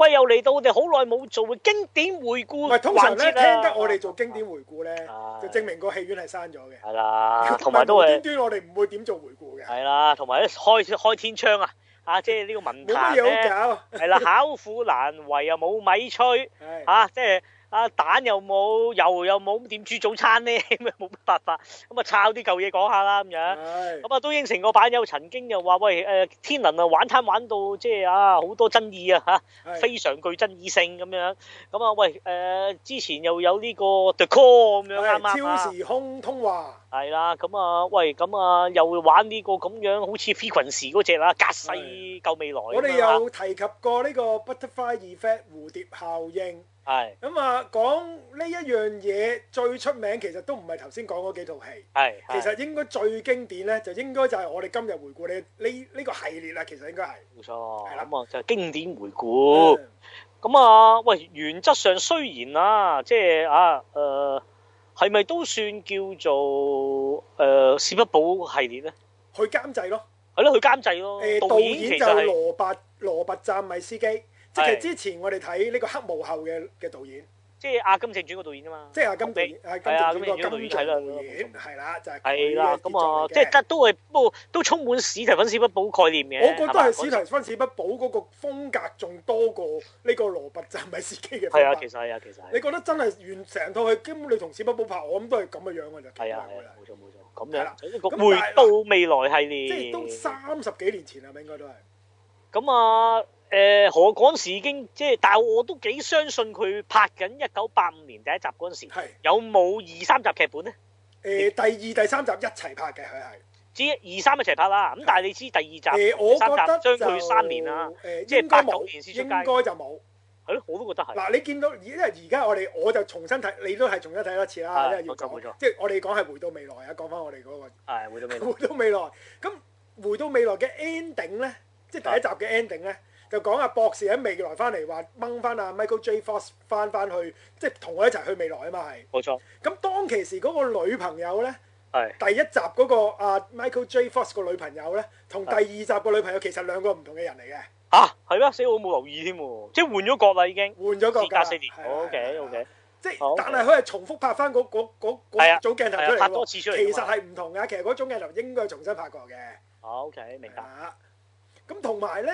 喂，又嚟到我哋好耐冇做嘅經典回顧，通常咧聽得我哋做經典回顧咧，啊、就證明個戲院係閂咗嘅。係啦的，同埋無端端我哋唔會點做回顧嘅。係啦，同埋開開天窗啊！啊，即係呢個問題咧，係啦，巧婦難為又冇米炊嚇的、啊，即係。啊蛋又冇，油又冇，咁點煮早餐咧，咁啊冇乜辦法，咁啊抄啲舊嘢講下啦咁樣。咁啊是的 都應承個版友曾經又話喂誒、呃，天能啊玩攤玩到即係啊好多爭議啊嚇，是的 非常具爭議性咁樣。咁啊喂誒、呃，之前又有呢個 The Call 咁樣啊嘛。的嗎超時空通話。係啦，咁啊喂，咁啊又玩呢、這個咁樣，好似 frequency 嗰隻啦，隔世的救未來。的我哋有提及過呢個 Butterfly Effect 蝴蝶效應。係咁、嗯、啊，講呢一樣嘢最出名，其實都唔係頭先講嗰幾套戲，係其實應該最經典咧，就應該就係我哋今日回顧呢呢呢個系列啦。其實應該係冇錯，係啦錯，咁啊就係經典回顧。咁啊喂，原則上雖然啊，即係啊，誒，係咪都算叫做誒《史匹堡》系列咧？去監製咯，係咯，去監製咯。誒，導演就係羅拔，羅拔贊米斯基。即係之前我哋睇呢個黑幕後嘅嘅導演，即係《阿甘正傳》嘅導演啊嘛，即係阿甘導，阿甘正傳個甘正導演係啦，就係係啦咁啊，即係都係，不過都充滿史提芬史匹堡概念嘅。我覺得係史提芬史匹堡嗰個風格仲多過呢個羅拔就咪斯基嘅。係啊，其實係啊，其實你覺得真係完成套戲，基本你同史匹堡拍，我諗都係咁嘅樣嘅就？係啊，啊，冇錯冇錯。咁啊，咁回到未來系列，即係都三十幾年前係咪應該都係。咁啊。誒，何廣時已經即係，但係我都幾相信佢拍緊一九八五年第一集嗰陣時，係有冇二三集劇本咧？誒，第二、第三集一齊拍嘅佢係，至係二三一齊拍啦。咁但係你知第二集，誒，我覺得就將佢三年，應該冇，即係八九年先出街，應該就冇。係咯，我都覺得係。嗱，你見到而因為而家我哋，我就重新睇，你都係重新睇多次啦。即係要講，即係我哋講係回到未來啊！講翻我哋嗰個係回到未來，回到未來。咁回到未來嘅 ending 咧，即係第一集嘅 ending 咧。就講阿博士喺未來翻嚟話掹翻阿 Michael J Fox 翻翻去，即係同我一齊去未來啊嘛係。冇錯。咁當其時嗰個女朋友咧，係第一集嗰個 Michael J Fox 個女朋友咧，同第二集個女朋友其實兩個唔同嘅人嚟嘅。吓？係咩？死我冇留意添喎。即係換咗角啦已經。換咗角。隔四年。O K O K。即係但係佢係重複拍翻嗰嗰嗰種鏡頭出嚟拍多次出嚟。其實係唔同嘅，其實嗰種鏡頭應該重新拍過嘅。O K 明白。咁同埋咧。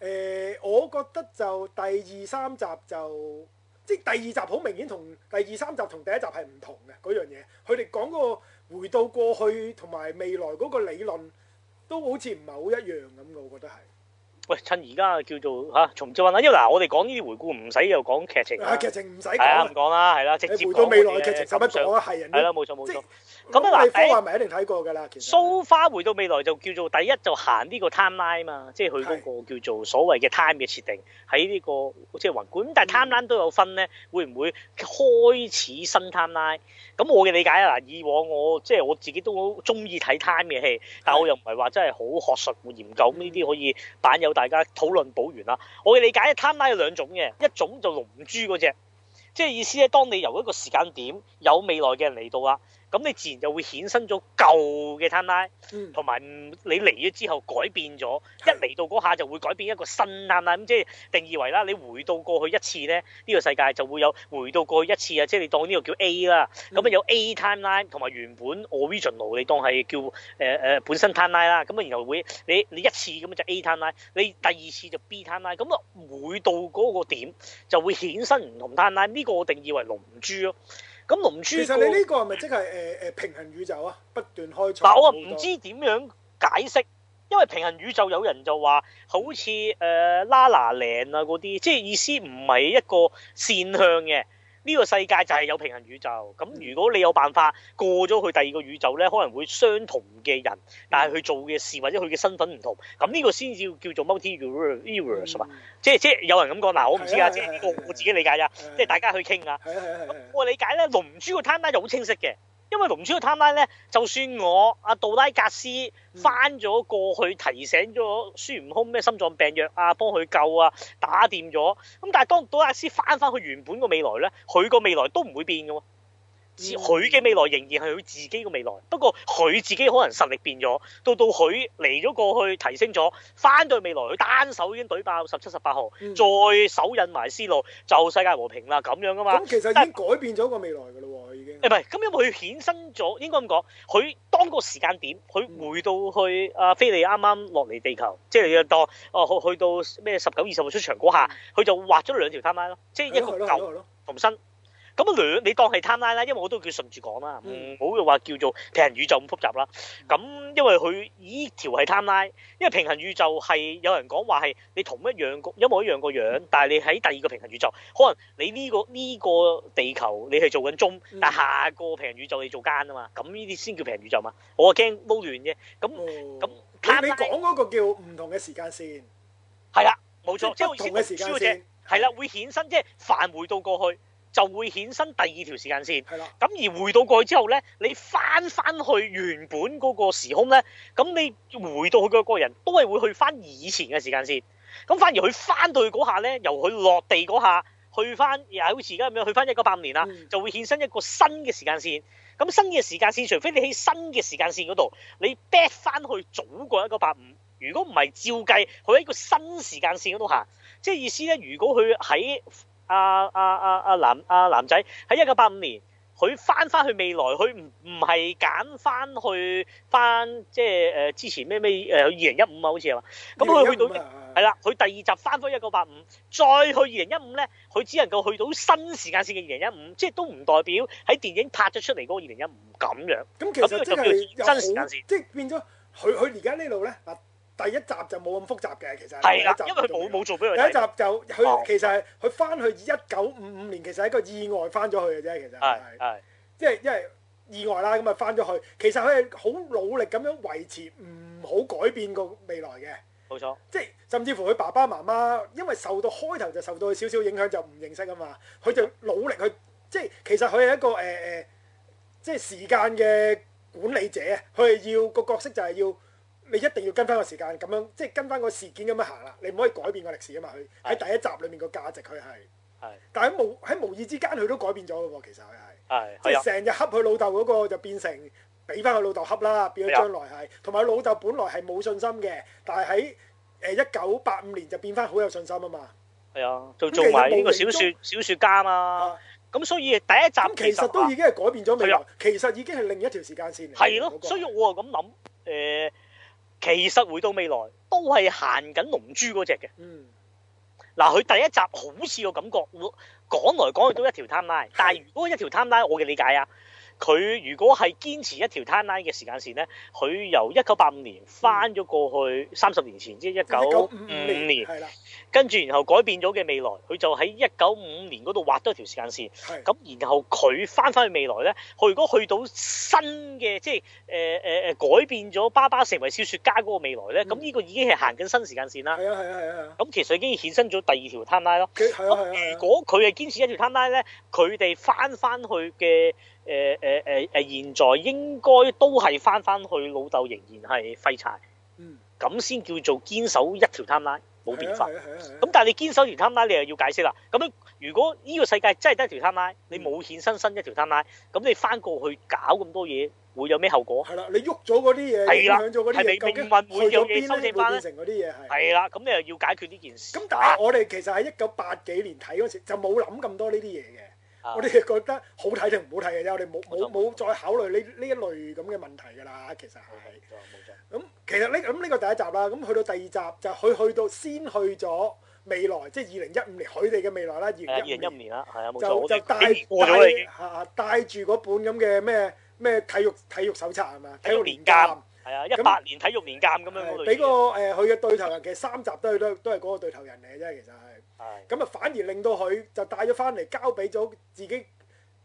誒、呃，我覺得就第二三集就，即係第二集好明顯同第二三集同第一集係唔同嘅嗰樣嘢，佢哋講嗰個回到過去同埋未來嗰個理論都好似唔係好一樣咁嘅，我覺得係。喂，趁而家叫做嚇、啊，從之問啦，因為嗱、啊，我哋講呢啲回顧唔使又講劇情。嚇、啊、劇情唔使。係啊，唔講啦，係啦、啊，直接講未來嘅劇情使乜講啊？係啊，係啦，冇錯冇錯。咁啊，麗芳話咪一定睇過㗎啦。其實《蘇花回到未來》就叫做第一就行呢個 time line 嘛，即係佢嗰個叫做所謂嘅 time 嘅設定喺呢、這個即係宏觀。但係 time line 都有分咧，會唔會開始新 time line？咁我嘅理解啊，以往我即係我自己都好中意睇 time 嘅戲，但係我又唔係話真係好學術會研究咁呢啲可以板有大家討論保完啦，我嘅理解貪拉有兩種嘅，一種就龍珠嗰隻，即係意思咧，當你由一個時間點有未來嘅人嚟到啦。咁你自然就會衍生咗舊嘅 timeline，同埋、嗯、你嚟咗之後改變咗，是的 一嚟到嗰下就會改變一個新 timeline，咁即係定義為啦，你回到過去一次咧，呢、呢個世界就會有回到過去一次啊，即、就、係、是、你當呢個叫 A 啦，咁啊有 A timeline 同埋原本 original 你當係叫誒誒、呃、本身 timeline 啦，咁啊然後會你你一次咁就 A timeline，你第二次就 B timeline，咁啊每到嗰個點就會衍生唔同 timeline，呢個我定義為龍珠咯。咁龍珠其實你呢個係咪即係誒誒平衡宇宙啊？不斷開錯，嗱，我啊唔知點樣解釋，因為平衡宇宙有人就話好似誒拉拿靚啊嗰啲，即係意思唔係一個線向嘅。呢個世界就係有平行宇宙咁，如果你有辦法過咗去第二個宇宙咧，可能會相同嘅人，但係佢做嘅事或者佢嘅身份唔同，咁呢個先至叫做 multiverse 嘛？即係即係有人咁講，嗱我唔知啊，即係呢個我自己理解啊，即係大家去傾啊。咁我理解咧，《龍珠》個 timeline 就好清晰嘅。因為《龍珠》嘅 timeline 咧，就算我杜拉格斯翻咗過去提醒咗孫悟空咩心臟病藥啊，幫佢救啊，打掂咗。咁但係當杜拉格斯翻翻去原本個未來咧，佢個未來都唔會變嘅喎。佢嘅、嗯、未來仍然係佢自己個未來，不過佢自己可能實力變咗。到到佢嚟咗過去提升咗，翻到未來佢單手已經懟爆十七十八號，嗯、再手印埋思路就世界和平啦咁樣噶嘛。咁、嗯、其實已經改變咗個未來嘅嘞喎。是誒唔係，咁因為佢衍生咗，應該咁講，佢當個時間點，佢回到去阿飛、啊、利啱啱落嚟地球，即係當哦去去到咩十九二十號出場嗰下，佢、嗯、就畫咗兩條攤拉咯，即係一個舊同新。咁亂，你當係 timeline 啦，因為我都叫順住講啦，唔好嘅話叫做平衡宇宙咁複雜啦。咁因為佢呢條係 timeline，因為平衡宇宙係有人講話係你同一樣個一模一樣個樣，但係你喺第二個平衡宇宙，可能你呢、這個呢、這個地球你係做緊中，但下個平衡宇宙你做奸啊嘛。咁呢啲先叫平衡宇宙嘛。我驚撈亂啫。咁咁，你講嗰個叫唔同嘅時間線，係啦，冇錯，即係唔同嘅時間線，係啦，會衍生即係返回到過去。就會衍生第二條時間線，咁的而回到過去之後咧，你翻翻去原本嗰個時空咧，咁你回到去嗰個人都係會去翻以前嘅時間線，咁反而佢翻到去嗰下咧，由佢落地嗰下去翻，又係好似而家咁樣去翻一九八五年啦，嗯、就會衍生一個新嘅時間線。咁新嘅時間線，除非你喺新嘅時間線嗰度，你 back 翻去早過一九八五，如果唔係照計，佢喺一個新時間線嗰度行，即係意思咧，如果佢喺阿阿阿阿男阿、uh, 男仔喺一九八五年，佢翻翻去未來，佢唔唔係揀翻去翻即係誒之前咩咩誒二零一五啊，好似係嘛？咁佢 20 15 去到係啦，佢的第二集翻返一九八五，再去二零一五咧，佢只能夠去到新時間線嘅二零一五，即係都唔代表喺電影拍咗出嚟嗰個二零一五咁樣。咁其實就叫新時間線，即係變咗佢佢而家呢度咧。第一集就冇咁複雜嘅，其實第一集，因為冇冇做俾佢睇，第一集就佢、哦、其實係佢翻去一九五五年，其實係一個意外翻咗去嘅啫，其實係係，即係係因為意外啦，咁啊翻咗去。其實佢係好努力咁樣維持，唔好改變個未來嘅。冇錯即，即係甚至乎佢爸爸媽媽，因為受到開頭就受到少少影響，就唔認識啊嘛。佢就努力去，即係其實佢係一個誒誒、呃，即係時間嘅管理者佢係要、個角色就係要。你一定要跟翻個時間咁樣，即係跟翻個事件咁樣行啦。你唔可以改變個歷史啊嘛。佢喺第一集裏面個價值佢係，是的 但係喺無喺無意之間佢都改變咗嘅喎。其實佢係，的即係成日恰佢老豆嗰個就變成俾翻佢老豆恰啦。變咗將來係，同埋佢老豆本來係冇信心嘅，但係喺誒一九八五年就變翻好有信心啊嘛。係啊的，就做埋呢個小説小説家啊嘛。咁所以第一集其實都已經係改變咗未來，的其實已經係另一條時間線。係咯，嗰個、所以我就咁諗誒。呃其實回到未來都係行緊龍珠嗰隻嘅，嗱佢，嗯、第一集好似個感覺，講來講去都一條 timeline< 的>，但係如果一條 timeline，我嘅理解啊。佢如果係堅持一條 timeline 嘅時間線咧，佢由一九八五年翻咗過去三十年前，嗯、即係一九五五年，係啦的。跟住然後改變咗嘅未來，佢就喺一九五年嗰度畫多一條時間線。係咁的，然後佢翻翻去未來咧，佢如果去到新嘅，即係誒誒誒改變咗爸爸成為小說家嗰個未來咧，咁呢、嗯、個已經係行緊新時間線啦。係啊係啊係啊！咁其實已經衍生咗第二條 timeline 咯。佢的如果佢係堅持一條 timeline 咧，佢哋翻翻去嘅。誒誒誒誒，現在應該都係翻翻去老豆仍然係廢柴。嗯，咁先叫做堅守一條攤拉，冇變化。咁、啊啊啊啊、但係你堅守條攤拉，你又要解釋啦。咁樣如果呢個世界真係得一條攤拉，你冇顯身身一條攤拉，咁你翻過去搞咁多嘢，會有咩後果？係啦、啊，你喐咗嗰啲嘢，影響咗嗰啲，啊、是是究竟去咗邊咧？會變成嗰啲嘢係。係啦、啊，咁、啊、你又要解決呢件事。咁但係我哋其實喺一九八幾年睇嗰時，就冇諗咁多呢啲嘢嘅。我哋覺得好睇定唔好睇啊！我哋冇冇冇再考慮呢呢一類咁嘅問題㗎啦，其實係冇錯，冇錯。咁其實呢，咁呢個第一集啦，咁去到第二集就佢去到先去咗未來，即係二零一五年佢哋嘅未來啦。二零一五年啊，係啊，就就帶帶住嗰本咁嘅咩咩體育體育手冊係嘛？體育年鑑係啊，一八年體育年鑑咁樣。俾個誒佢嘅對頭人，其實三集都都都係嗰個對頭人嚟嘅啫，其實係，咁啊反而令到佢就帶咗翻嚟，交俾咗自己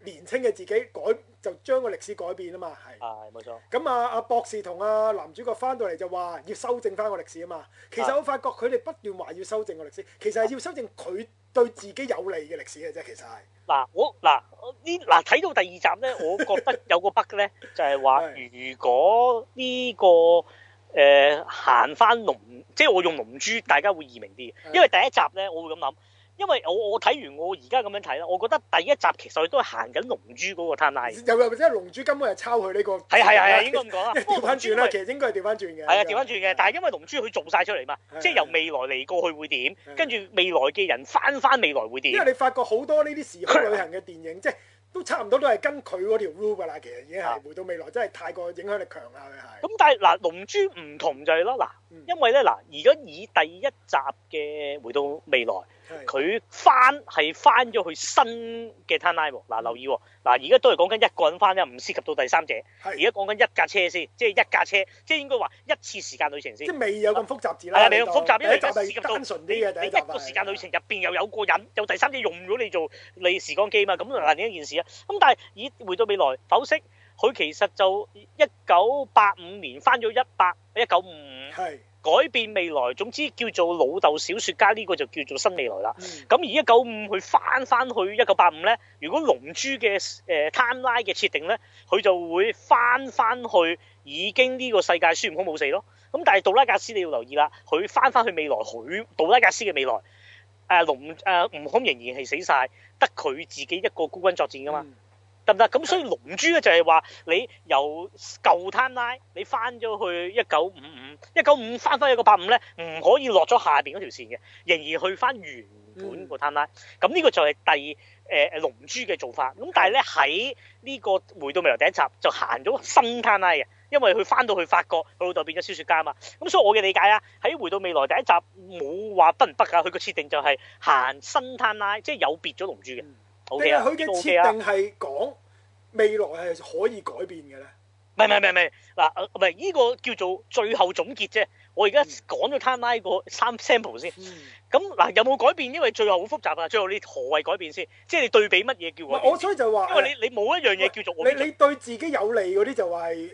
年青嘅自己改，就將個歷史改變啊嘛，係。係、啊，冇錯。咁啊啊博士同阿、啊、男主角翻到嚟就話要修正翻個歷史啊嘛，其實我發覺佢哋不斷話要修正個歷史，其實係要修正佢對自己有利嘅歷史嘅啫，其實係。嗱、啊、我嗱呢嗱睇到第二集咧，我覺得有個筆嘅咧， 就係話如果呢、這個。誒行翻龍，即係我用龍珠，大家會易明啲。因為第一集咧，我會咁諗，因為我我睇完，我而家咁樣睇咧，我覺得第一集其實都係行緊龍珠嗰個 timeline 又又即係龍珠根本係抄佢呢個。係係係係，應該咁講啊。掉翻轉啦，龍其實應該係掉翻轉嘅。係啊，掉翻轉嘅。的但係因為龍珠佢做晒出嚟嘛，即係由未來嚟過去會點，跟住未來嘅人翻翻未來會點。因為你發覺好多呢啲時空旅行嘅電影，即係。都差唔多都係跟佢嗰條 rule 㗎啦，其實已經係回到未來，真係太過影響力強喇！佢係咁，嗯、但係嗱，龍珠唔同就係咯，嗱，因為咧嗱，而家以第一集嘅回到未來。佢是翻係翻咗去新嘅 timeline 喎、啊，嗱留意喎、哦，嗱而家都係講緊一個人翻啫，唔涉及到第三者。而家講緊一架車先，即係一架車，即係應該話一次時間旅程先。是即係未有咁複雜字啦。係啊，咁當、啊、複雜啲，涉及到單純啲嘅，你一個時間旅程入邊又有個人，有第三者用咗你做你時光機嘛？咁嗱呢一件事啊，咁但係咦回到未來，否則佢其實就一九八五年翻咗一百一九五五。係。改變未來，總之叫做老豆小説家呢、呢個就叫做新未來啦。咁、嗯、而一九五佢翻翻去一九八五咧，如果龍珠嘅、呃、timeline 嘅設定咧，佢就會翻翻去已經呢個世界孫悟空冇死咯。咁但係杜拉格斯你要留意啦，佢翻翻去未來，佢杜拉格斯嘅未來，誒龍誒悟空仍然係死晒，得佢自己一個孤軍作戰噶嘛。嗯得唔得？咁所以龍珠咧就係話你由舊攤拉，你翻咗去一九五五、一九五翻翻一個八五咧，唔可以落咗下邊嗰條線嘅，仍然去翻原本個攤拉。咁呢個就係第二誒誒龍珠嘅做法。咁但係咧喺呢個回到未來第一集就行咗新攤拉嘅，因為佢翻到去發覺，佢老豆變咗小說家啊嘛。咁所以我嘅理解啊，喺回到未來第一集冇話分不噶，佢個設定就係行新攤拉，即係有別咗龍珠嘅。嗯你係佢嘅設定係講未來係可以改變嘅咧？唔係唔係唔係嗱，唔係呢個叫做最後總結啫。我而家講咗 time line 個三 sample 先，咁嗱、嗯啊、有冇改變？因為最後好複雜啊，最後你何謂改變先？即係你對比乜嘢叫？我所以就話，因為你你冇一樣嘢叫做你你對自己有利嗰啲就話係誒誒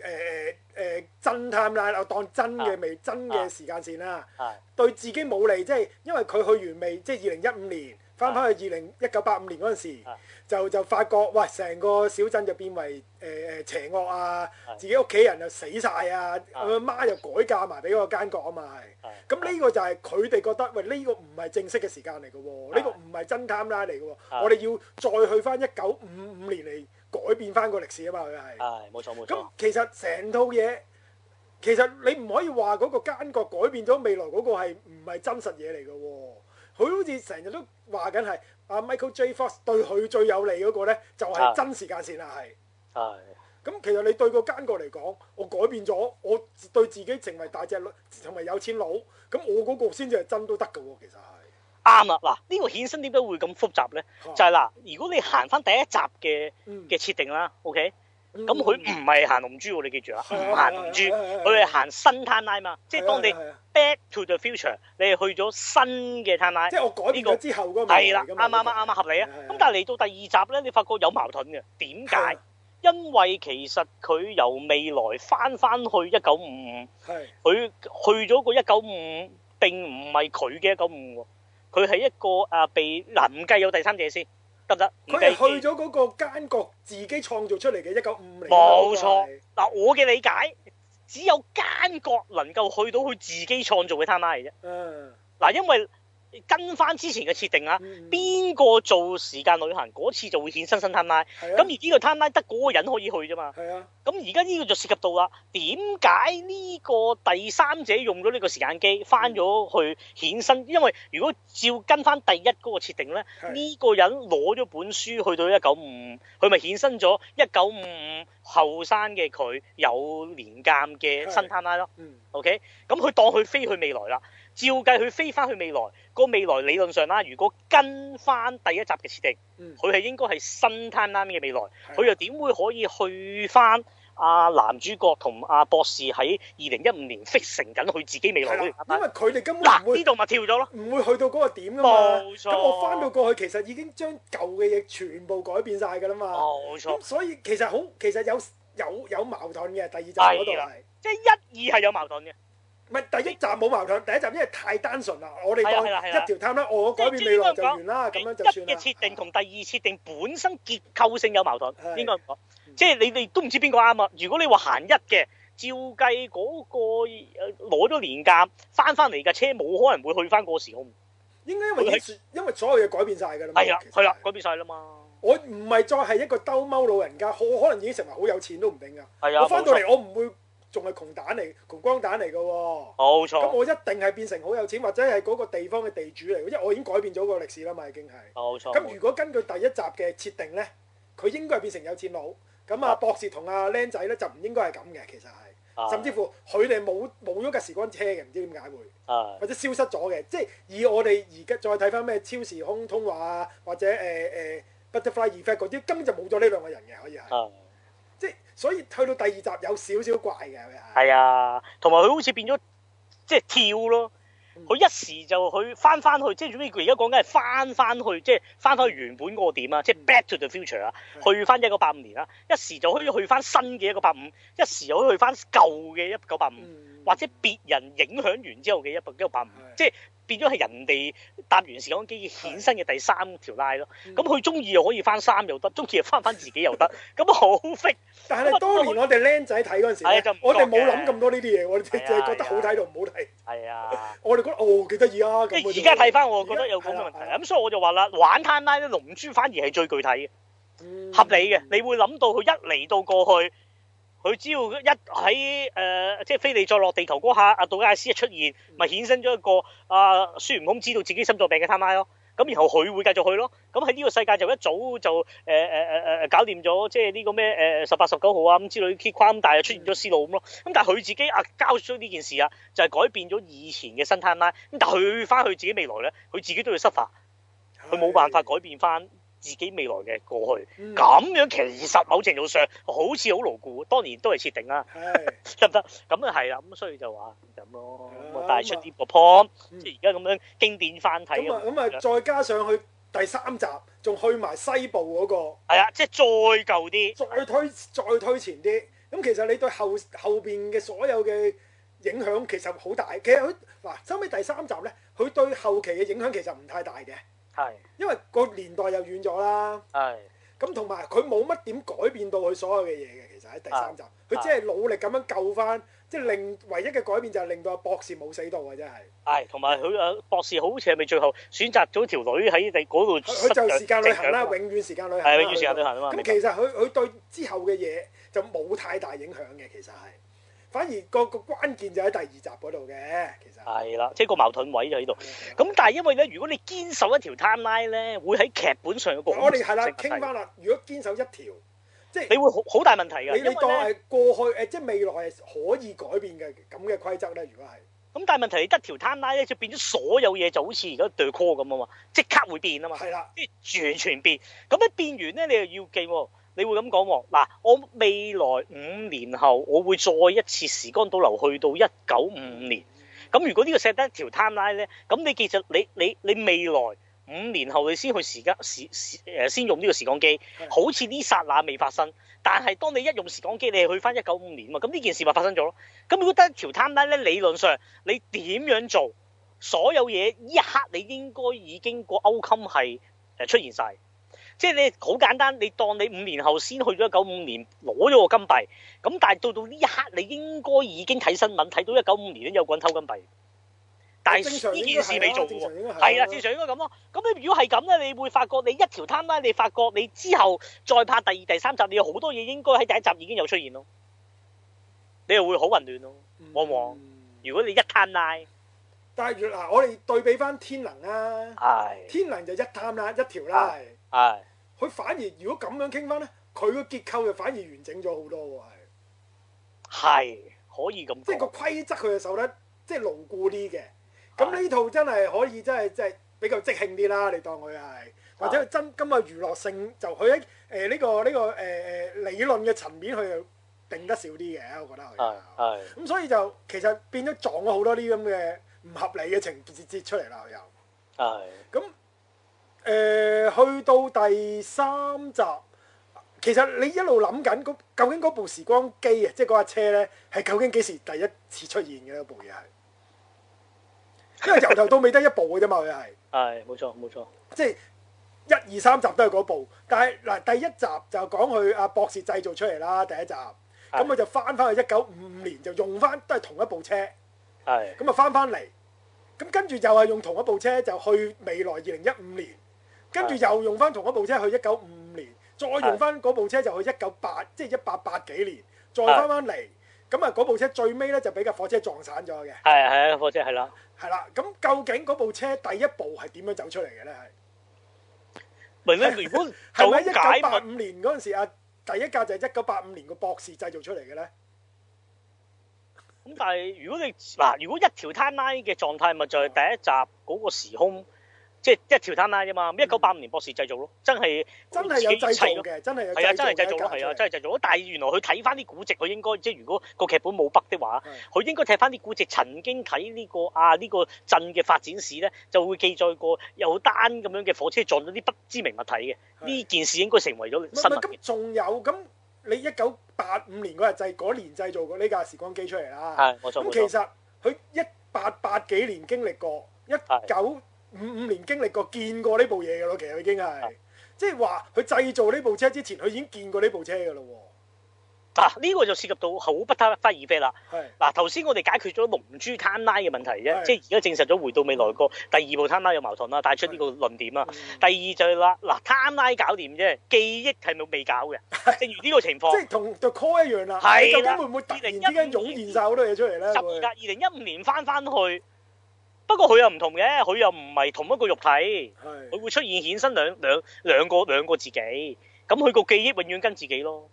誒真 time line 啊當真嘅未、啊、真嘅時間線啦。啊啊、對自己冇利，即、就、係、是、因為佢去完未，即係二零一五年。翻返去二零一九八五年嗰陣時，啊、就就發覺，喂，成個小鎮就變為誒誒、呃、邪惡啊，啊自己屋企人又死晒啊，阿媽、啊、又改嫁埋俾嗰個奸角啊嘛，係。咁呢、啊、個就係佢哋覺得，喂，呢、這個唔係正式嘅時間嚟嘅喎，呢、啊啊、個唔係真探啦嚟嘅喎，啊、我哋要再去翻一九五五年嚟改變翻個歷史啊嘛，佢係。冇錯冇錯。咁其實成套嘢，其實你唔可以話嗰個奸角改變咗未來嗰個係唔係真實嘢嚟嘅喎。佢好似成日都話緊係阿 Michael J. Fox 對佢最有利嗰個咧，就係真時間線啦、啊，係是。係。咁其實你對個奸角嚟講，我改變咗，我對自己成為大隻佬，成為有錢佬，咁我嗰個先至係真都得嘅喎，其實係。啱啊！嗱、啊，呢、這個衍生點解會咁複雜咧？就係、是、嗱，如果你行翻第一集嘅嘅、啊、設定啦、嗯、，OK。咁佢唔係行龍珠，你記住啊，唔行龍珠，佢係、啊啊、行新 timeline 啊嘛，即係當你 back to the future，你係去咗新嘅 timeline。啊這個、即係我改變咗之後嗰個係啦，啱啱啱啱合理啊。咁但係嚟到第二集咧，你發覺有矛盾嘅，點解？啊、因為其實佢由未來返返去一九五五，佢去咗個一九五五並唔係佢嘅一九五五喎，佢係一個誒被臨計有第三者先。佢係去咗嗰個奸角自己創造出嚟嘅一九五零年，冇錯。嗱，我嘅理解只有奸角能夠去到佢自己創造嘅攤媽嚟啫。嗯，嗱，因為。跟翻之前嘅設定啊，邊個、嗯、做時間旅行嗰、嗯、次就會衍生新探媽，咁、啊、而呢個探媽得嗰個人可以去啫嘛。咁而家呢個就涉及到啦，點解呢個第三者用咗呢個時間機翻咗去衍生？嗯、因為如果照跟翻第一嗰個設定呢，呢、啊、個人攞咗本書去到一九五五，佢咪衍生咗一九五五後生嘅佢有年鑒嘅新探媽咯。OK，咁佢當佢飛去未來啦。照計佢飛翻去未來，個未來理論上啦，如果跟翻第一集嘅設定，佢係、嗯、應該係新 time line 嘅未來，佢的又點會可以去翻阿、啊、男主角同阿、啊、博士喺二零一五年 fix 成緊佢自己未來？的回回因為佢哋根本嗱呢度咪跳咗咯，唔會去到嗰個點噶嘛。冇錯。咁我翻到過去其實已經將舊嘅嘢全部改變晒㗎啦嘛。冇錯。咁所以其實好，其實有有有，有矛盾嘅第二集嗰度係，即係一二係有矛盾嘅。唔係第一站冇矛盾，第一站因為太單純啦。我哋當一條探啦，啊啊、我改變未來就完啦，咁樣就算啦。一嘅設定同第二設定本身結構性有矛盾，邊個、啊嗯、即係你哋都唔知邊個啱啊！如果你話行一嘅，照計嗰個攞咗年鑑翻翻嚟嘅車，冇可能會去翻個時空。應該因為的因為所有嘢改變晒㗎啦。係啦係啦，改變晒啦嘛。我唔係再係一個兜踎老人家，我可能已經成為好有錢都唔定㗎。的我翻到嚟錯我唔會。仲係窮蛋嚟，窮光蛋嚟嘅喎。冇錯、哦。咁我一定係變成好有錢，或者係嗰個地方嘅地主嚟。因為我已經改變咗個歷史啦嘛，已經係。冇錯、哦。咁如果根據第一集嘅設定咧，佢應該係變成有錢佬。咁啊，啊博士同阿僆仔咧就唔應該係咁嘅，其實係。甚至乎佢哋冇冇咗架時光車嘅，唔知點解會。或者消失咗嘅，即係以我哋而家再睇翻咩超時空通話啊，或者誒誒、呃呃、Butterfly Effect 嗰啲，根本就冇咗呢兩個人嘅，可以係。所以去到第二集有少少怪嘅，係啊，同埋佢好似變咗即係跳咯，佢、嗯、一時就去翻翻去，即係總之佢而家講緊係翻翻去，即係翻翻去原本嗰個點啊，嗯、即係 Back to the Future 啊、嗯，去翻一九八五年啦，嗯、一時就可以去翻新嘅一九八五，一時就可以去翻舊嘅一九八五。或者別人影響完之後嘅一百一百五，是即係變咗係人哋搭完時光機衍生嘅第三條拉咯。咁佢中意又可以翻三又得，中意又翻翻自己又得，咁好 fit。但係你當年我哋僆仔睇嗰陣時 我哋冇諗咁多呢啲嘢，我哋淨係覺得好睇就唔好睇。係的、 哦、啊，我哋覺得哦幾得意啊！而家睇翻我覺得有咁嘅問題。咁所以我就話啦，玩攤拉啲龍珠反而係最具體嘅，嗯、合理嘅，你會諗到佢一嚟到過去。佢只要一喺誒、呃，即係菲利再落地球嗰下，阿、啊、杜拉斯一出現，咪、嗯、衍生咗一個阿孫悟空知道自己心臟病嘅 timeline 咯。咁然後佢會繼續去咯。咁喺呢個世界就一早就誒誒誒誒搞掂咗，即係呢個咩誒十八十九號啊咁之類啲框架咁，但係出現咗思路咁咯。咁但係佢自己阿、啊、交出呢件事啊，就係、是、改變咗以前嘅新 timeline。咁但係佢翻去自己未來咧，佢自己都要 suffer，佢冇辦法改變翻。自己未來嘅過去咁、嗯、樣，其實某程度上好似好牢固，當然都係設定啦，得唔得？咁啊係啦，咁、就是、所以就話咁咯。咁啊，但係帶出啲破綻，即係而家咁樣經典翻睇咁啊，再加上佢第三集仲去埋西部嗰、那個，啊，即、就、係、是、再舊啲，再推再推前啲。咁其實你對後後邊嘅所有嘅影響其實好大。其實佢嗱收尾第三集咧，佢對後期嘅影響其實唔太大嘅。係，因為個年代又遠咗啦。係、哎，咁同埋佢冇乜點改變到佢所有嘅嘢嘅，其實喺第三集，佢、哎、只係努力咁樣救翻，即係令唯一嘅改變就係令到阿博士冇死到嘅，真係。係、哎，同埋佢阿博士好似係咪最後選擇咗條女喺你嗰度？佢就時間旅行啦，呃、永遠時間旅行。係、呃，永遠時間旅行啊嘛。咁、呃呃、其實佢佢對之後嘅嘢就冇太大影響嘅，其實係。反而個個關鍵就喺第二集嗰度嘅，其實係啦，即係個矛盾位就喺度。咁但係因為咧，如果你堅守一條 timeline 咧，會喺劇本上嘅共我哋係啦，傾翻啦。如果堅守一條，即係你會好好大問題㗎。你你當係過去誒，即係未來係可以改變嘅咁嘅規則咧。如果係咁，的但係問題你得條 timeline 咧，就變咗所有嘢就好似而家 The Call 咁啊嘛，即刻會變啊嘛。係啦，即係完全變。咁你變，變完咧，你又要記喎。你會咁講喎？嗱，我未來五年後，我會再一次時光倒流去到一九五五年。咁如果呢個設得一條 timeline 呢，咁你其實你你你未來五年後你先去時間時時先用呢個時光機，好似呢剎那未發生。但係當你一用時光機，你係去翻一九五年嘛？咁呢件事咪發生咗咯？咁如果得一條 timeline 呢，理論上你點樣做？所有嘢呢一刻你應該已經個勾襟係誒出現晒。即係你好簡單，你當你五年後先去咗一九五年攞咗個金幣，咁但係到到呢一刻，你應該已經睇新聞睇到一九五年都有個人偷金幣，但係呢件事未做喎，係啦，正常應該咁咯、啊。咁你如果係咁咧，你會發覺你一條攤拉，你發覺你之後再拍第二、第三集，你有好多嘢應該喺第一集已經有出現咯，你又會好混亂咯，往往、嗯。如果你一攤拉，但係原來，我哋對比翻天能啦，唉天能就一攤啦，一條拉。係，佢反而如果咁樣傾翻咧，佢個結構就反而完整咗好多喎，係。係，可以咁講。即係個規則佢又守得，即係牢固啲嘅。咁呢、嗯、套真係可以真，真係即係比較即興啲啦。你當佢係，或者佢真今日娛樂性就佢喺誒呢個呢、呃這個誒誒、呃、理論嘅層面佢又定得少啲嘅，我覺得係。係。咁的所以就其實變咗撞咗好多啲咁嘅唔合理嘅情節出嚟啦，又。係。咁。誒、呃，去到第三集，其實你一路諗緊究竟嗰部時光機啊，即係嗰架車呢，係究竟幾時第一次出現嘅咧？部嘢係，因為由頭到尾得一部嘅啫嘛，佢係，係冇錯冇錯，錯錯即係一、二、三集都係嗰部。但係嗱，第一集就講佢阿博士製造出嚟啦，第一集，咁佢是、嗯、就翻翻去一九五五年，就用翻都係同一部車，係是，咁啊翻翻嚟，咁跟住就係用同一部車就去未來二零一五年。跟住又用翻同一部車去一九五五年，再用翻嗰部車就去一九八，即係一八八幾年，再翻翻嚟，咁啊嗰部車最尾咧就俾架火車撞散咗嘅。係係啊，火車係啦。係啦，咁究竟嗰部車第一步係點樣走出嚟嘅咧？係，明明原本係咪一九八五年嗰陣時啊？第一架就係一九八五年個博士製造出嚟嘅咧。咁、嗯、但係如果你嗱、啊，如果一條攤拉嘅狀態，咪就係第一集嗰個時空。即係一條 timeline 啫嘛。一九八五年博士製造咯，真係真係有製造嘅，真係係啊，真係製造咯，係啊，真係製造。但係原來佢睇翻啲古籍，佢應該即係如果個劇本冇北的話，佢應該睇翻啲古籍曾經睇呢個啊呢個鎮嘅發展史咧，就會記載過有單咁樣嘅火車撞到啲不知名物體嘅呢件事，應該成為咗新聞。唔係唔係，咁仲有咁你一九八五年嗰日製嗰年製造過呢架時光機出嚟啦。係，冇錯，咁其實佢一八八幾年經歷過一九。五五年經歷過見過呢部嘢嘅咯，其實已經係即係話佢製造呢部車之前，佢已經見過呢部車嘅咯。嗱、啊，呢、這個就涉及到好不單不花二飛啦。係嗱的，頭先、啊、我哋解決咗龍珠 timeline 嘅問題啫，的即係而家證實咗回到未來個第二部 timeline 有矛盾啦，帶出呢個論點啊。的嗯、第二就係、是、啦，嗱 timeline 搞掂啫，記憶係咪未搞嘅？正如呢個情況，即係同 The Call 一樣啦。係啦的，究竟會唔會突然之間湧現晒好多嘢出嚟咧？十二月二零一五年翻翻去。不過佢又唔同嘅，佢又唔係同一個肉體，佢是的 會出現衍生兩兩兩個兩個自己，咁佢個記憶永遠跟自己咯。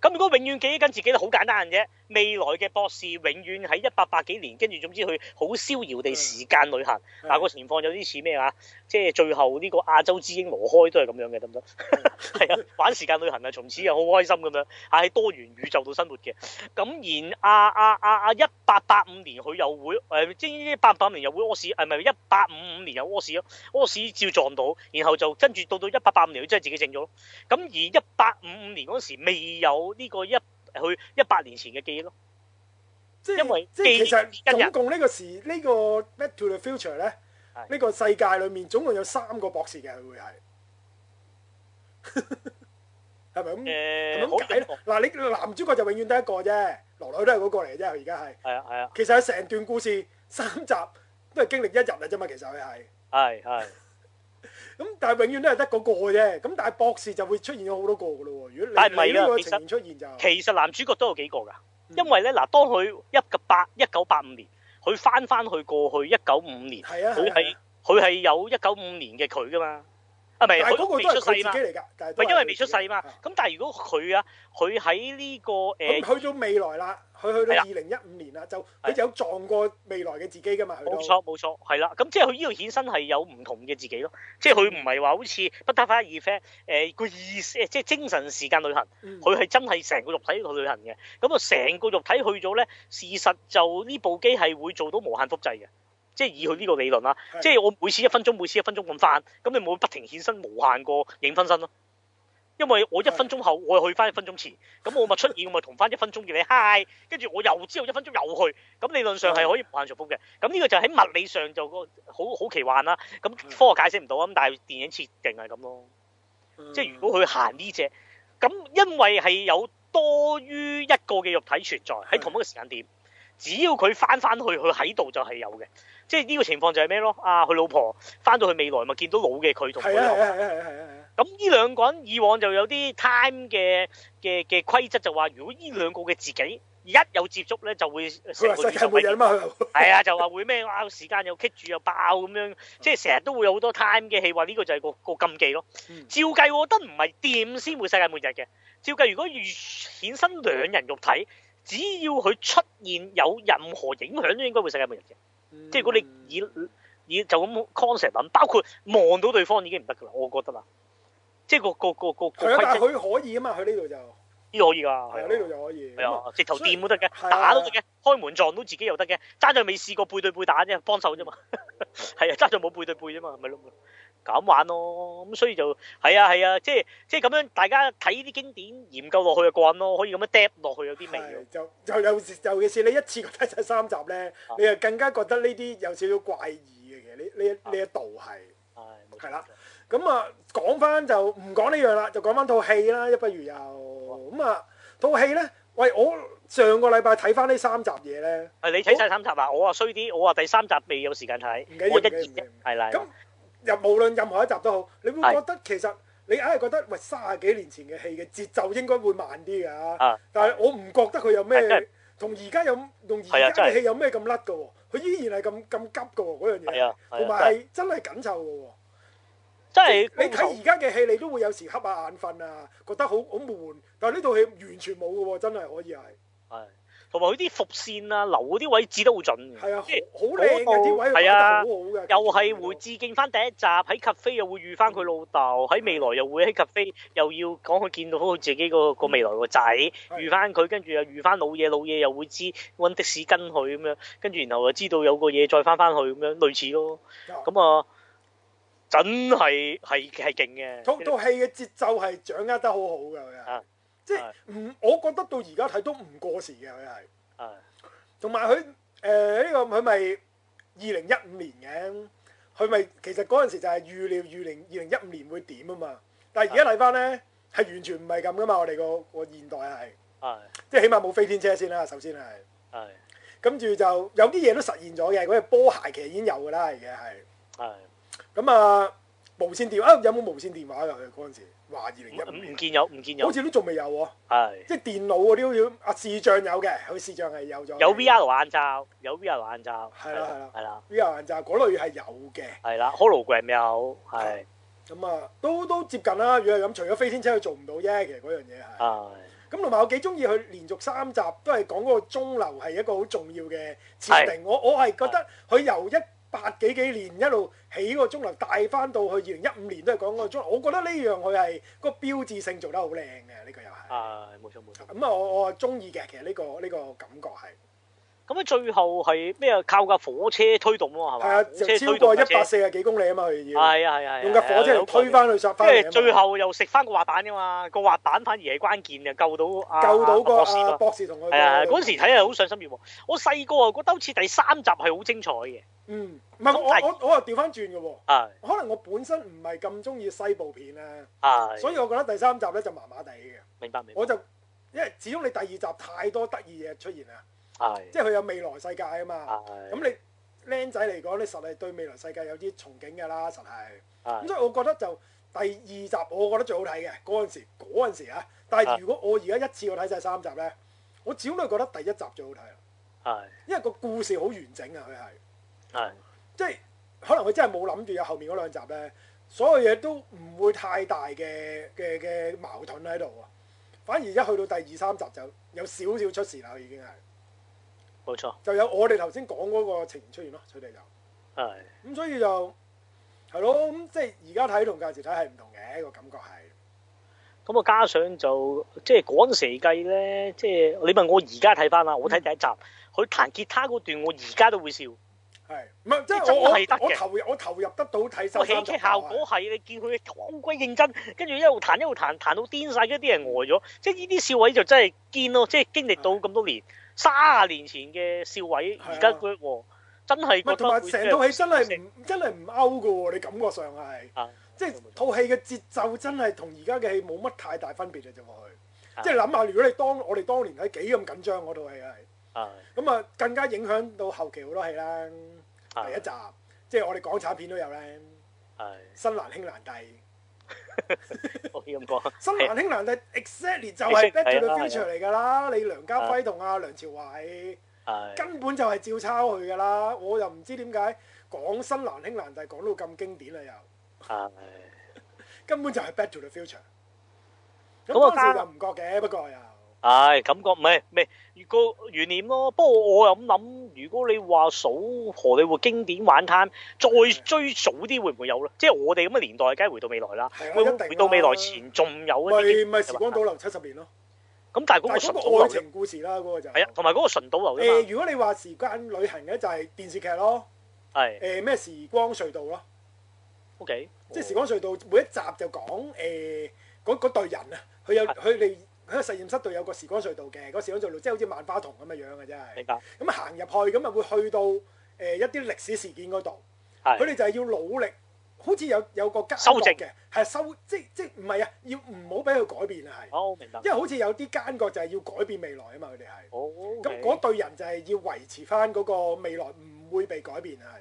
咁如果永遠記憶緊自己咧，好簡單嘅啫。未來嘅博士永遠喺一八八幾年，跟住總之佢好逍遙地時間旅行。嗱個、嗯啊、情況有啲似咩啊？即係最後呢個亞洲之鷹羅開都係咁樣嘅，得唔得？係啊、嗯， 玩時間旅行啊，從此又好開心咁樣。喺多元宇宙度生活嘅。咁然啊啊啊啊！一八八五年佢又會誒，即係一八八五年又會屙屎，係咪一八五五年又屙屎咯？屙屎照撞到，然後就跟住到到一八八五年佢真係自己正咗咯。咁而一八五五年嗰時未有。呢個一去一百年前嘅記憶咯，即係即係其實總共呢個時呢、呢個《Back to the Future》咧，呢個世界裏面總共有三個博士嘅佢會係，係咪咁咁解咧？嗱，你男主角就永遠得一個啫，羅女都係嗰個嚟嘅啫，佢而家係。係啊係啊，其實佢成段故事三集都係經歷一日嚟啫嘛，其實佢係。係係的。咁但係永遠都係得嗰個啫。咁但係博士就會出現咗好多個噶咯喎。如果你但係唔係，呢個情形出現就其實男主角都有幾個噶，因為咧嗱，當佢一九八一九八五年，佢翻翻去過去一九五年，佢係佢係有一九五年嘅佢噶嘛。啊咪，佢係都未出世嘛，咪因為未出世啊嘛。咁但係如果佢啊，佢喺呢個誒，去咗未來啦，佢去到二零一五年啊，的就佢有撞過未來嘅自己噶嘛。冇錯冇錯，係啦他也。咁即係佢呢個顯身係有唔同嘅自己咯。即係佢唔係話好似 Butterfly Effect 誒個二，即係精神時間旅行，佢係、嗯、真係成個，個肉體去旅行嘅。咁啊，成個肉體去咗咧，事實就呢部機係會做到無限複製嘅。即係以佢呢個理論啦，即係我每次一分鐘，每次一分鐘咁翻，咁你冇不，不停顯身無限個影分身咯。因為我一分鐘後我又去翻一分鐘前，咁我咪出現，我咪同翻一分鐘嘅你嗨，跟住我又之後一分鐘又去，咁理論上係可以無限重複嘅。咁呢個就喺物理上就個好好奇幻啦。咁科學解釋唔到啊，咁但係電影設定係咁咯。即係如果佢行呢隻，咁因為係有多於一個嘅肉體存在喺同一個時間點。只要佢翻翻去，佢喺度就係有嘅，即係呢個情況就係咩咯？啊，佢老婆翻到去未來咪見到老嘅佢同佢老婆。咁呢、啊嗯、兩個人以往就有啲 time 嘅嘅嘅規則，就話如果呢兩個嘅自己一有接觸咧，就會成個世界末日啦。係 啊，就話會咩啊？時間又棘住又爆咁樣，即係成日都會有好多 time 嘅戲，話呢個就係個個禁忌咯。照計、嗯，我覺得唔係掂，先會世界末日嘅。照計，如果越顯身兩人肉體。只要佢出現有任何影響都應該會世界末日嘅。嗯、即係如果你以以就咁 concept 諗，包括望到對方已經唔得噶啦，我覺得啦，即係、個、個、個、個規則，但係佢可以啊嘛，佢呢度就呢度可以㗎，係啊呢度就可以，係啊的以直頭掂都得嘅，以打都得嘅，開門撞到自己又得嘅，揸著未試過背對背打啫，幫手啫嘛，係啊揸著冇背對背啫嘛，係咪 咁玩咯，咁所以就係啊係啊，即係即係咁樣，大家睇啲經典研究落去嘅個人咯，可以咁樣 drop 落去，有啲味就就尤其是尤其 re 是你一次睇晒三集咧，ah, 你又更加覺得呢啲有少少怪異嘅嘅呢呢呢一度係係冇錯。係啦，咁啊講翻就唔講好呢樣啦，就講翻套戲啦，一不如又咁啊套戲咧，喂我上個禮拜睇翻呢三集嘢咧。係你睇晒三集啊？我話衰啲，我話第三集未有時間睇，唔一頁啫。係悉又無論任何一集都好，你會覺得其實你硬係覺得喂，三十幾年前嘅戲嘅節奏應該會慢啲㗎，啊、但係我唔覺得佢有咩同而家有同而家嘅戲有咩咁甩㗎喎，佢依然係咁咁急㗎喎嗰樣嘢，同埋係真係緊湊㗎喎，真係你睇而家嘅戲你都會有時瞌下眼瞓啊，覺得好好悶，但係呢套戲完全冇㗎喎，真係可以係。同埋佢啲伏線啊，留嗰啲位置都、啊、好準，即係好靚嘅啲位置，又揾得好好嘅。又係會致敬翻第一集喺咖啡又會遇翻佢老豆，喺、嗯、未來又會喺咖啡又要講佢見到佢自己嗰個未來個仔，嗯、遇翻佢，跟住又遇翻老嘢，老嘢又會知搵的士跟佢咁樣，跟住然後又知道有個嘢再翻翻去咁樣，類似咯。咁、嗯、啊，真係係係勁嘅。套戲嘅節奏係掌握得好好㗎，啊。即係唔，我覺得到而家睇都唔過時嘅，佢係，同埋佢誒，呢個佢咪二零一五年嘅，佢咪其實嗰陣時就係預料二零二零一五年會點啊嘛，但係而家睇翻咧係完全唔係咁噶嘛，我哋個個現代係，啊、即係起碼冇飛天車先啦，首先係，啊、跟住就有啲嘢都實現咗嘅，嗰隻波鞋其實已經有噶啦，而家係，咁啊，無線電話有冇無線電話噶佢嗰陣時？話二零一五唔見有，唔見有，好似都仲未有喎、啊。是的 即係電腦嗰啲要，阿視像有嘅，佢視像係有咗。有 VR 眼罩，有 VR 眼罩。係啦係啦。係啦。的 VR 眼罩嗰類係有嘅。係啦，Hologram 有。係。咁啊，都都接近啦。如果咁，除咗飛天車佢做唔到啫，其實嗰樣嘢係。係的。咁同埋我幾中意佢連續三集都係講嗰個鐘樓係一個好重要嘅設定。的我我係覺得佢由一八幾幾年一路起個鐘樓，帶翻到去二零一五年都係講嗰個鐘樓。我覺得呢樣佢係個標誌性做得好靚嘅，呢、這個又係。啊，冇錯冇錯。咁啊、嗯，我我中意嘅，其實呢、這個呢、這個感覺係。咁啊，最後係咩啊？靠架火車推動啊，係咪？係啊，車推動一百四啊幾公里啊嘛，要要。係啊，係啊，用架火車推翻去，即係最後又食翻個滑板噶嘛，個滑板反而係關鍵嘅，救到啊救到個博士啊，博士同佢。係啊，嗰陣時睇係好上心入喎。我細個啊，覺得好似第三集係好精彩嘅。嗯，唔係我我我又調翻轉嘅喎。可能我本身唔係咁中意西部片啊。係。所以，我覺得第三集咧就麻麻地嘅。明白明白。我就因為始終你第二集太多得意嘢出現啦。即係佢有未來世界啊嘛。咁係你僆仔嚟講，你實係對未來世界有啲憧憬㗎啦。實係咁，係，所以我覺得就第二集，我覺得最好睇嘅嗰陣時嗰陣時啊。但係如果我而家一次我睇晒三集呢，我始終都係覺得第一集最好睇啦。係因為個故事好完整啊，佢係係即係可能佢真係冇諗住有後面嗰兩集呢，所有嘢都唔會太大嘅嘅嘅矛盾喺度啊。反而一去到第二三集就有少少出事啦，已經係。冇錯，就有我哋頭先講嗰個情形出現咯，佢哋就係咁，所以就係咯咁，即係而家睇同價錢睇係唔同嘅個感覺係。咁啊，加上就即係講時計咧，即係你問我而家睇返啦，我睇第一集佢彈吉他嗰段，我而家都會笑。係，唔係即係我係得我投入，我投入得到睇收。喜劇效果係，你見佢好鬼認真，跟住一路彈一路彈，彈到癲晒，嗰啲人呆咗。即係呢啲笑位就真係堅咯，即係經歷到咁多年。卅年前嘅少偉，而家嗰個真係覺得，同埋成套戲真係唔真係唔 out 噶喎！你感覺上係，即係套戲嘅節奏真係同而家嘅戲冇乜太大分別嘅啫喎，佢即係諗下，想想如果你當我哋當年喺幾咁緊張嗰套戲係，咁啊更加影響到後期好多戲啦。第一集即係、啊、我哋港產片都有咧，啊啊、新難兄難弟。咁講，新難兄難弟，exactly 就係 back to the future 嚟噶啦。 你梁家輝同阿梁朝偉，的根本就係照抄佢噶啦。我又唔知點解講新難兄難弟講到咁經典啦又，係的 根本就係 back to the future。咁當時就唔覺嘅，不過啊。唉、哎，感覺唔係唔係個懸念咯，不過我又咁諗，如果你話數荷里活經典玩攤，再追早啲會唔會有咧？即係我哋咁嘅年代，梗係回到未來啦。啊、回到未來前仲有一。咪咪時光倒流七十年咯。咁的但係嗰個愛情故事啦，嗰個就係啊，同埋嗰個純倒流。誒，如果你話時間旅行嘅就係、是、電視劇咯。係的。誒咩、呃？時光隧道咯。O Okay , K，即係時光隧道每一集就講誒嗰代人啊，佢有佢哋。的 喺實驗室度有個時光隧道嘅，嗰時光隧道即係好似萬花筒咁嘅樣嘅，真係明白。咁行入去咁啊，會去到誒一啲歷史事件嗰度。係。佢哋就係要努力，好似有有個修復嘅，係修即即唔係啊，要唔好俾佢改變啊，係。好明白。因為好似有啲奸角就係要改變未來啊嘛，佢哋係。哦。咁嗰隊人就係要維持翻嗰個未來唔會被改變啊，係。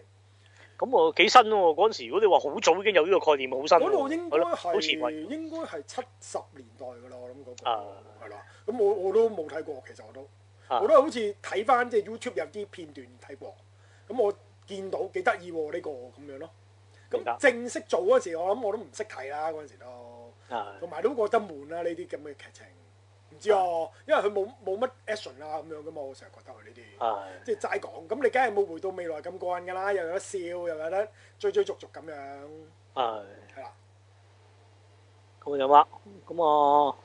咁我幾新喎？嗰陣時如果你話好早已經有呢個概念，好新喎。嗰度應該係應該係七十年代㗎咯。哦，係啦，咁我我都冇睇過。其實我都我都好似睇翻即係 YouTube 有啲片段睇過，咁我見到幾得意呢個咁樣咯。咁正式做嗰時，我諗我都唔識睇啦。嗰陣時都同埋都覺得悶啦。呢啲咁嘅劇情唔知喎，因為佢冇冇乜 action 啦咁樣噶嘛。我成日覺得佢呢啲即係齋講。咁你梗係冇回到未來咁過癮噶啦，又有得笑，又有得追追續續咁樣。係係啦，咁又乜咁啊？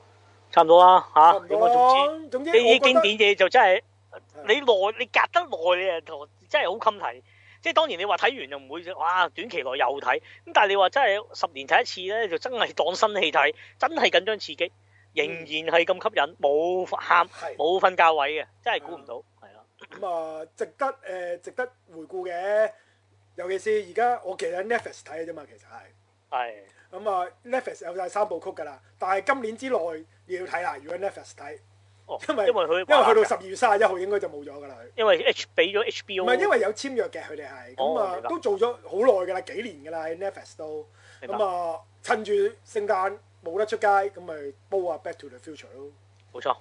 差唔多啊，吓，你總知。呢啲經典嘢就真係，你耐，你隔得耐，你啊，真係好襟睇。即係當然，你話睇完就唔會，哇，短期內又睇。咁但係你話真係十年睇一次咧，就真係當新戲睇，真係緊張刺激，仍然係咁吸引，冇喊，冇瞓覺位嘅，真係估唔到。係咯，咁啊，值得誒，值得回顧嘅。尤其是而家我其實 Netflix 睇嘅啫嘛，其實係。係。咁啊，Netflix 有晒三部曲噶啦，但係今年之內。要睇啦，如果 Netflix 睇、哦，因為因為去到十二月三十一號應該就冇咗噶啦，因為 H 俾咗 HBO。唔係因為有簽約嘅，佢哋係，咁啊、哦、都做咗好耐噶啦，白幾年噶啦喺 Netflix 都，咁啊白、嗯、趁住聖誕冇得出街，咁咪煲啊。Back to the Future》咯，冇錯。